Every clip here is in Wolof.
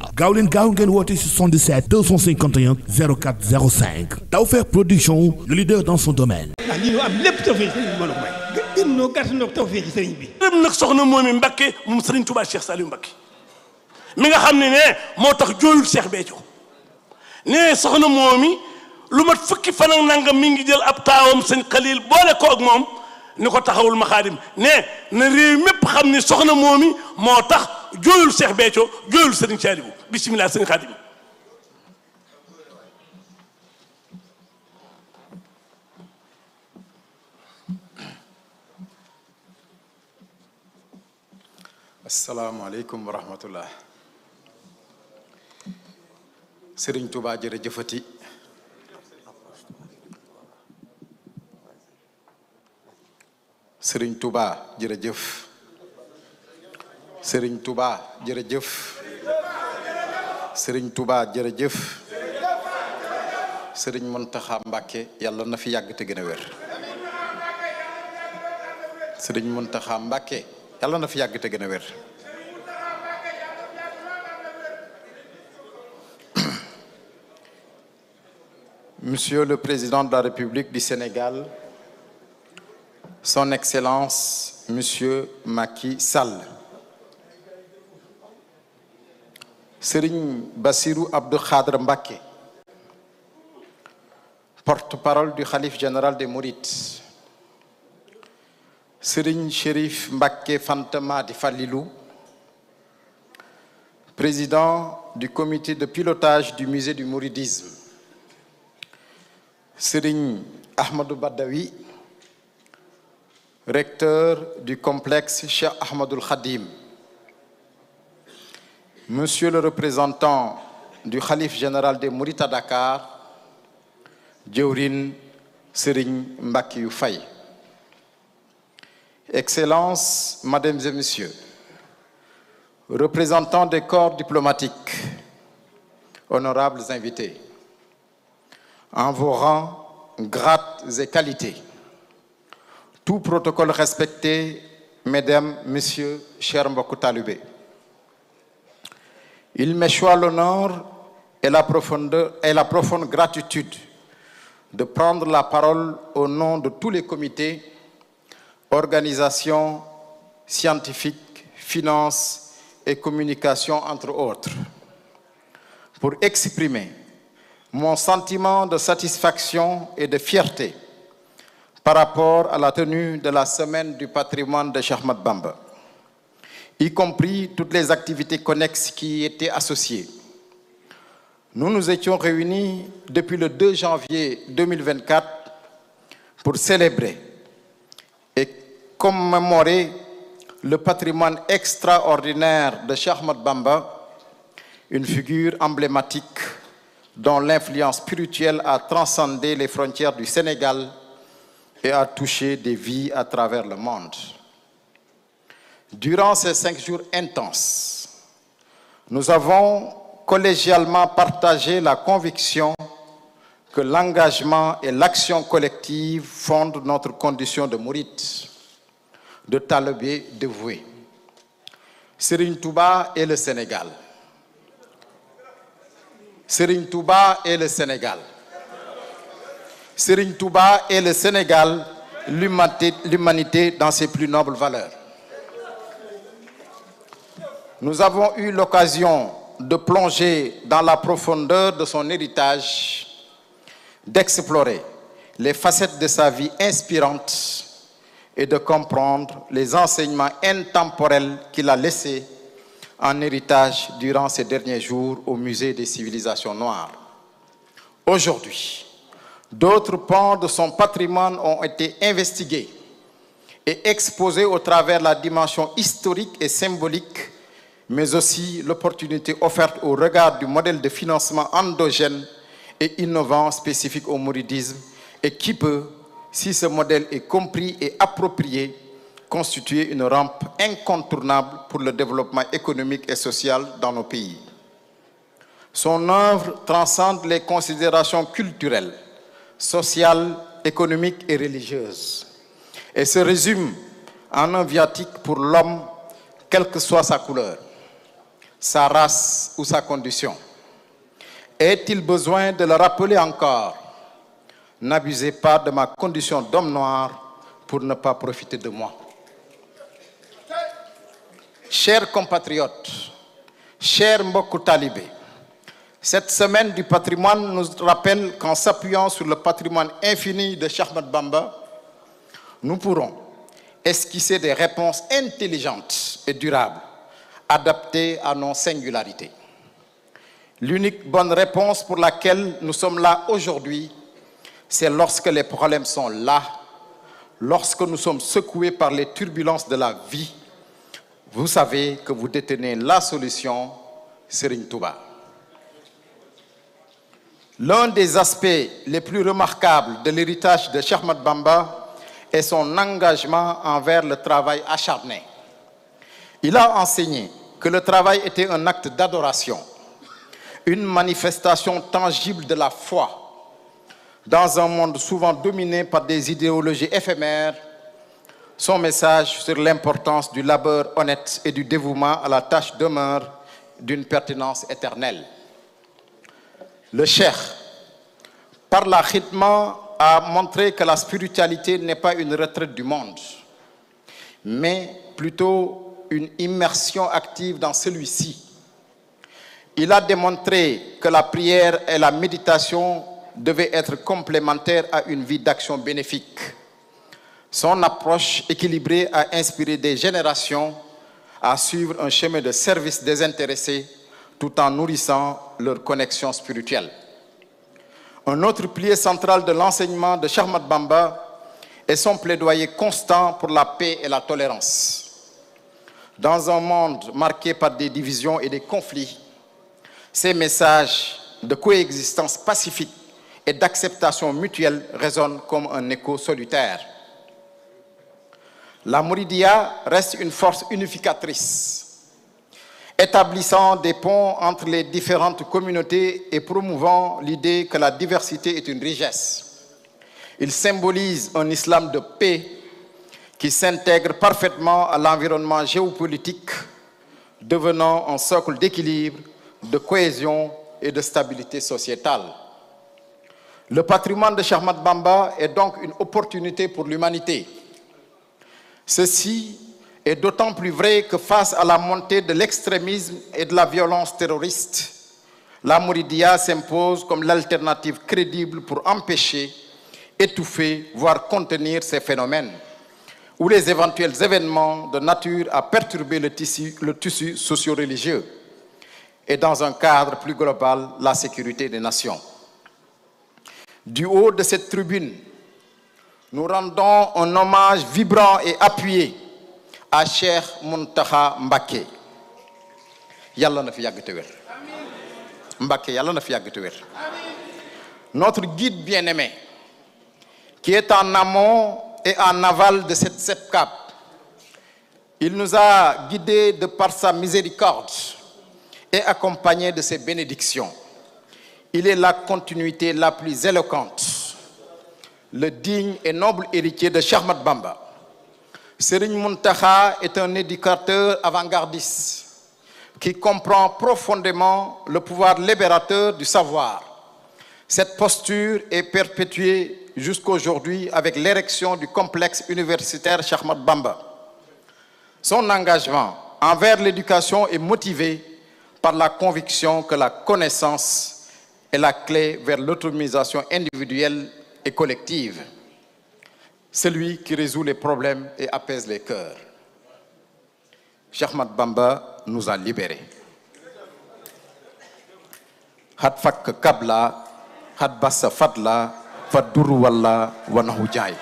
waaw gaaw gaaw ngeen woote si 77 251 04 05 Tawfekh Production le leader dans son domaine. ah lii a may. gën noo gàtt noo tawfeex sëriñ bi. lépp nag soxna moom mi Mbacke moom sëriñ Touba Cheikh Saliou Mbacke mi nga xam ne ne moo tax jooyul Cheikh Béthio nee soxna moom mi lu mat fukki fan ak nangam mi ngi jël ab taawam sëñ Khalil boole ko ak moom ni ko taxawul ma xaadim ne na réew mépp xam ni soxna moom mi moo tax. jooyul Cheikh Béthio jooyul Serigne Saliou bisimilah sëñ Xaadim asalaamaaleykum tubaa rahmatullah Serigne Touba jërëjëfati Serigne Touba jërëjëf sëriñ Touba jërëjëf sëriñ Touba jërëjëf sëriñ Mountakha Mbacké yàlla na fi yàgg te gën a wér sëriñ Mountakha Mbacké yàlla na fi yàgg te a wér Monsieur le Président de la République du Sénégal, Son Excellence, Monsieur Macky Sall. Serigne basiru Abdou Khadre Mbacké porte-parole du khalife général des morit Serigne Chérif mbakke Fantama di Falilou président du comité de pilotage du musée du mouridisme Serigne Ahmadou Badawi recteur du complexe Cheikh Ahmadoul Khadim Monsieur le représentant du Khalife général des Mourides à Dakar, Djawrin Serigne Mbakiou Faye. Excellences, Mesdames et Messieurs, représentants des corps diplomatiques, honorables invités, en vos rangs, grades et qualités, tout protocole respecté, Mesdames, Messieurs, chers mbokku talibés. Il m'échoit l'honneur et la profonde, et la profonde gratitude de prendre la parole au nom de tous les comités, organisations scientifiques, finances et communications, entre autres, pour exprimer mon sentiment de satisfaction et de fierté par rapport à la tenue de la semaine du patrimoine de Cheikh Bamba. y compris toutes les activités connexes qui y étaient associées. Nous nous étions réunis depuis le 2 janvier 2024 pour célébrer et commémorer le patrimoine extraordinaire de Cheikh Ahmad Bamba, une figure emblématique dont l'influence spirituelle a transcendé les frontières du Sénégal et a touché des vies à travers le monde. Durant ces cinq jours intenses, nous avons collégialement partagé la conviction que l'engagement et l'action collective fondent notre condition de mourite, de talibé dévoué. Serigne Touba et le Sénégal. Serigne Touba le Sénégal. Serigne Touba et le Sénégal, l'humanité dans ses plus nobles valeurs. Nous avons eu l'occasion de plonger dans la profondeur de son héritage, d'explorer les facettes de sa vie inspirante et de comprendre les enseignements intemporels qu'il a laissés en héritage durant ces derniers jours au Musée des civilisations noires. Aujourd'hui, d'autres pans de son patrimoine ont été investigués et exposés au travers la dimension historique et symbolique mais aussi l'opportunité offerte au regard du modèle de financement endogène et innovant spécifique au mouridisme et qui peut, si ce modèle est compris et approprié, constituer une rampe incontournable pour le développement économique et social dans nos pays. Son œuvre transcende les considérations culturelles, sociales, économiques et religieuses et se résume en un viatique pour l'homme, quelle que soit sa couleur. sa race ou sa condition. Est-il besoin de le rappeler encore? N'abusez pas de ma condition d'homme noir pour ne pas profiter de moi. Chers compatriotes, chers mbokku talibé, cette semaine du patrimoine nous rappelle qu'en s'appuyant sur le patrimoine infini de Cheikh Ahmadou Bamba, nous pourrons esquisser des réponses intelligentes et durables adaptée à nos singularités. L'unique bonne réponse pour laquelle nous sommes là aujourd'hui, c'est lorsque les problèmes sont là, lorsque nous sommes secoués par les turbulences de la vie, vous savez que vous détenez la solution, Serigne Touba. L'un des aspects les plus remarquables de l'héritage de Cheikh Ahmad Bamba est son engagement envers le travail acharné. Il a enseigné que le travail était un acte d'adoration, une manifestation tangible de la foi dans un monde souvent dominé par des idéologies éphémères. Son message sur l'importance du labeur honnête et du dévouement à la tâche demeure d'une pertenance éternelle. Le cheikh, par la khidma, a montré que la spiritualité n'est pas une retraite du monde, mais plutôt une immersion active dans celui-ci. Il a démontré que la prière et la méditation devaient être complémentaires à une vie d'action bénéfique. Son approche équilibrée a inspiré des générations à suivre un chemin de service désintéressé tout en nourrissant leur connexion spirituelle. Un autre pilier central de l'enseignement de Charmat Bamba est son plaidoyer constant pour la paix et la tolérance. Dans un monde marqué par des divisions et des conflits, ces messages de coexistence pacifique et d'acceptation mutuelle résonnent comme un écho solitaire. La Mouridia reste une force unificatrice, établissant des ponts entre les différentes communautés et promouvant l'idée que la diversité est une richesse. Il symbolise un islam de paix qui s'intègre parfaitement à l'environnement géopolitique, devenant un socle d'équilibre, de cohésion et de stabilité sociétale. Le patrimoine de Ahmad Bamba est donc une opportunité pour l'humanité. Ceci est d'autant plus vrai que face à la montée de l'extrémisme et de la violence terroriste, la Mouridia s'impose comme l'alternative crédible pour empêcher, étouffer, voire contenir ces phénomènes. ou les éventuels événements de nature à perturber le tissu, le tissu socio-religieux et dans un cadre plus global, la sécurité des nations. Du haut de cette tribune, nous rendons un hommage vibrant et appuyé à Cheikh Muntaha Mbacké yàlla na fi yàgg yàlla na fi yàgg te notre guide bien-aimé qui est en amont et en aval de cette SEPCAP. Il nous a guidés de par sa miséricorde et accompagnés de ses bénédictions. Il est la continuité la plus éloquente, le digne et noble héritier de Cheikh Bamba. Serigne Mountakha est un éducateur avant-gardiste qui comprend profondément le pouvoir libérateur du savoir. Cette posture est perpétuée jusqu'aujourd'hui avec l'érection du complexe universitaire Cheikh Ahmadou Bamba. Son engagement envers l'éducation est motivé par la conviction que la connaissance est la clé vers l'autonomisation individuelle et collective. Celui qui résout les problèmes et apaise les cœurs. Cheikh Bamba nous a libérés. Hat fakk kabla, hat fadla fa dur walla wanaxu jaay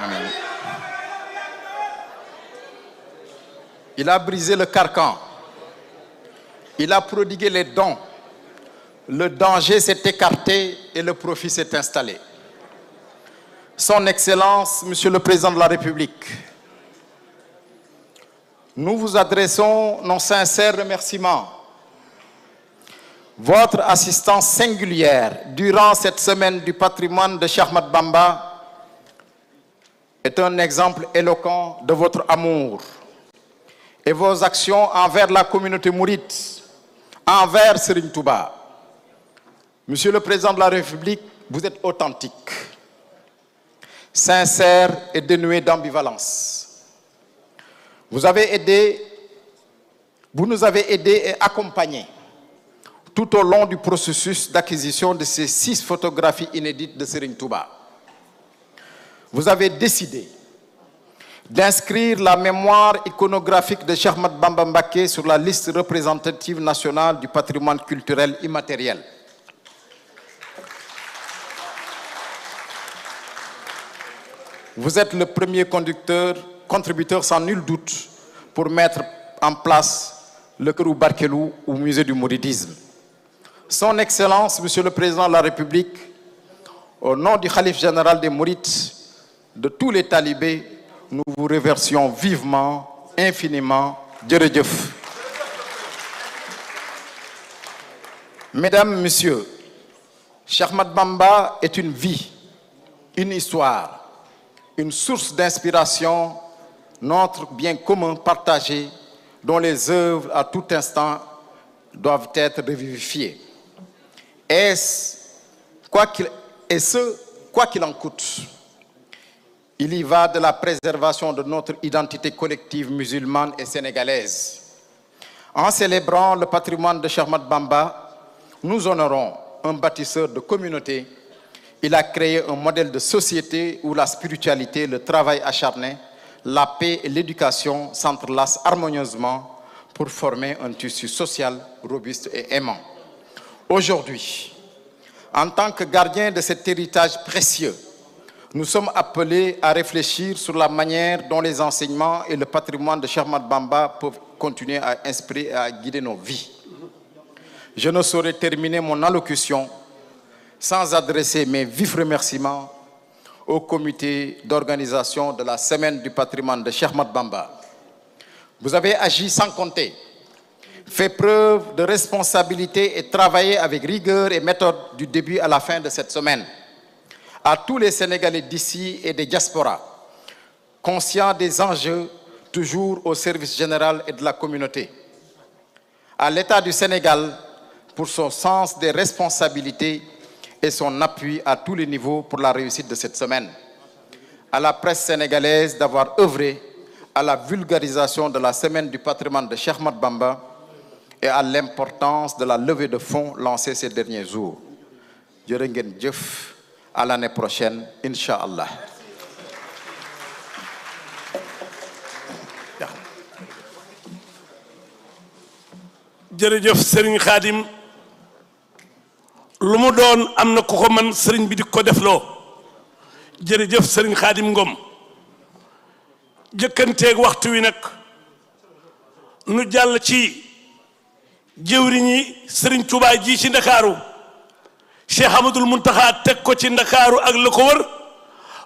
Amen. Il a brisé le carcan. Il a prodigué les dons. Le danger s'est écarté et le profit s'est installé. Son Excellence, Monsieur le Président de la République, nous vous adressons nos sincères remerciements. Votre assistance singulière durant cette semaine du patrimoine de Cheikh Ahmad Bamba est un exemple éloquent de votre amour et vos actions envers la communauté mourite, envers Serigne Touba. Monsieur le Président de la République, vous êtes authentique, sincère et dénué d'ambivalence. Vous avez aidé, vous nous avez aidés et accompagner tout au long du processus d'acquisition de ces six photographies inédites de Serigne Touba. Vous avez décidé d'inscrire la mémoire iconographique de Cheikh Ahmad Bamba Mbacké sur la liste représentative nationale du patrimoine culturel immatériel. Vous êtes le premier conducteur contributeurs sans nul doute pour mettre en place le Kërou Barkelou au musée du mouridisme. Son Excellence, Monsieur le Président de la République, au nom du Khalife général des Mourides, de tous les talibés, nous vous remercions vivement, infiniment, jërëjëf. Mesdames, Messieurs, Cheikh Ahmad Bamba est une vie, une histoire, une source d'inspiration notre bien commun partagé dont les œuvres à tout instant doivent être revivifiées. Et, quoi qu'il, et ce, quoi qu'il en coûte. Il y va de la préservation de notre identité collective musulmane et sénégalaise. En célébrant le patrimoine de Cheikh Ahmad Bamba, nous honorons un bâtisseur de communauté. Il a créé un modèle de société où la spiritualité, le travail acharné, la paix et l'éducation s'entrelacent harmonieusement pour former un tissu social robuste et aimant. Aujourd'hui, en tant que gardiens de cet héritage précieux, nous sommes appelés à réfléchir sur la manière dont les enseignements et le patrimoine de Cheikh Bamba peuvent continuer à inspirer et à guider nos vies. Je ne saurais terminer mon allocution sans adresser mes vifs remerciements au comité d'organisation de la Semaine du patrimoine de Cheikh Ahmad Bamba. Vous avez agi sans compter, fait preuve de responsabilité et travaillé avec rigueur et méthode du début à la fin de cette semaine. À tous les Sénégalais d'ici et des diasporas, conscient des enjeux, toujours au service général et de la communauté. À l'État du Sénégal pour son sens des responsabilité et son appui à tous les niveaux pour la réussite de cette semaine. À la presse sénégalaise d'avoir œuvré à la vulgarisation de la semaine du patrimoine de Cheikh Ahmad Bamba et à l'importance de la levée de fonds lancée ces derniers jours. jërë ngeen jëf à l'année prochaine incha allah. lu mu doon am na ku ko man sëriñ bi di ko defloo jërëjëf sëriñ xaadim ngom jëkkanteeg waxtu wi nag nu jàll ci jëwriñi sëriñ Tuubaa ji ci ndakaaru cheikh Amadul taxaat teg ko ci ndakaaru ak la ko wër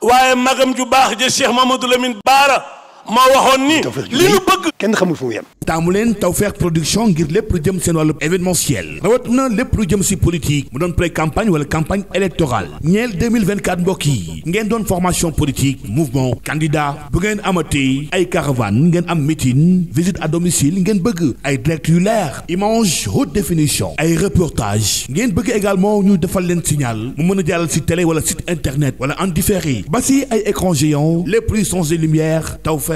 waaye magam ju baax ja cheikh Mamadou Lamine Baara ma waxoon ni li ñu bëgg kenn xamul fu mu yem taamu leen Tawfekh production ngir lépp lu jëm seen wàllu événementiel rawat na lépp lu jëm si politique mu doon pré campagne wala campagne électorale ñeel 2024 mbokk yi ngeen doon formation politique mouvement candidat bu ngeen amatee ay caravane ngeen am meeting visite à domicile ngeen bëgg ay direct yu leer image haute définition ay reportage ngeen bëgg également ñu defal leen signal mu mën a jàllal si télé wala site internet wala en différé ba si ay écran géant les puissances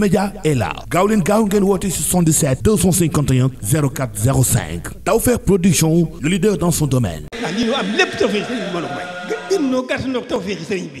média est là gaaw leen gaaw ngeen woote 77 251 04 05 Tawfekh Production le leader dans son domaine. Ah, am lépp tawfeex sëriñ bi bi.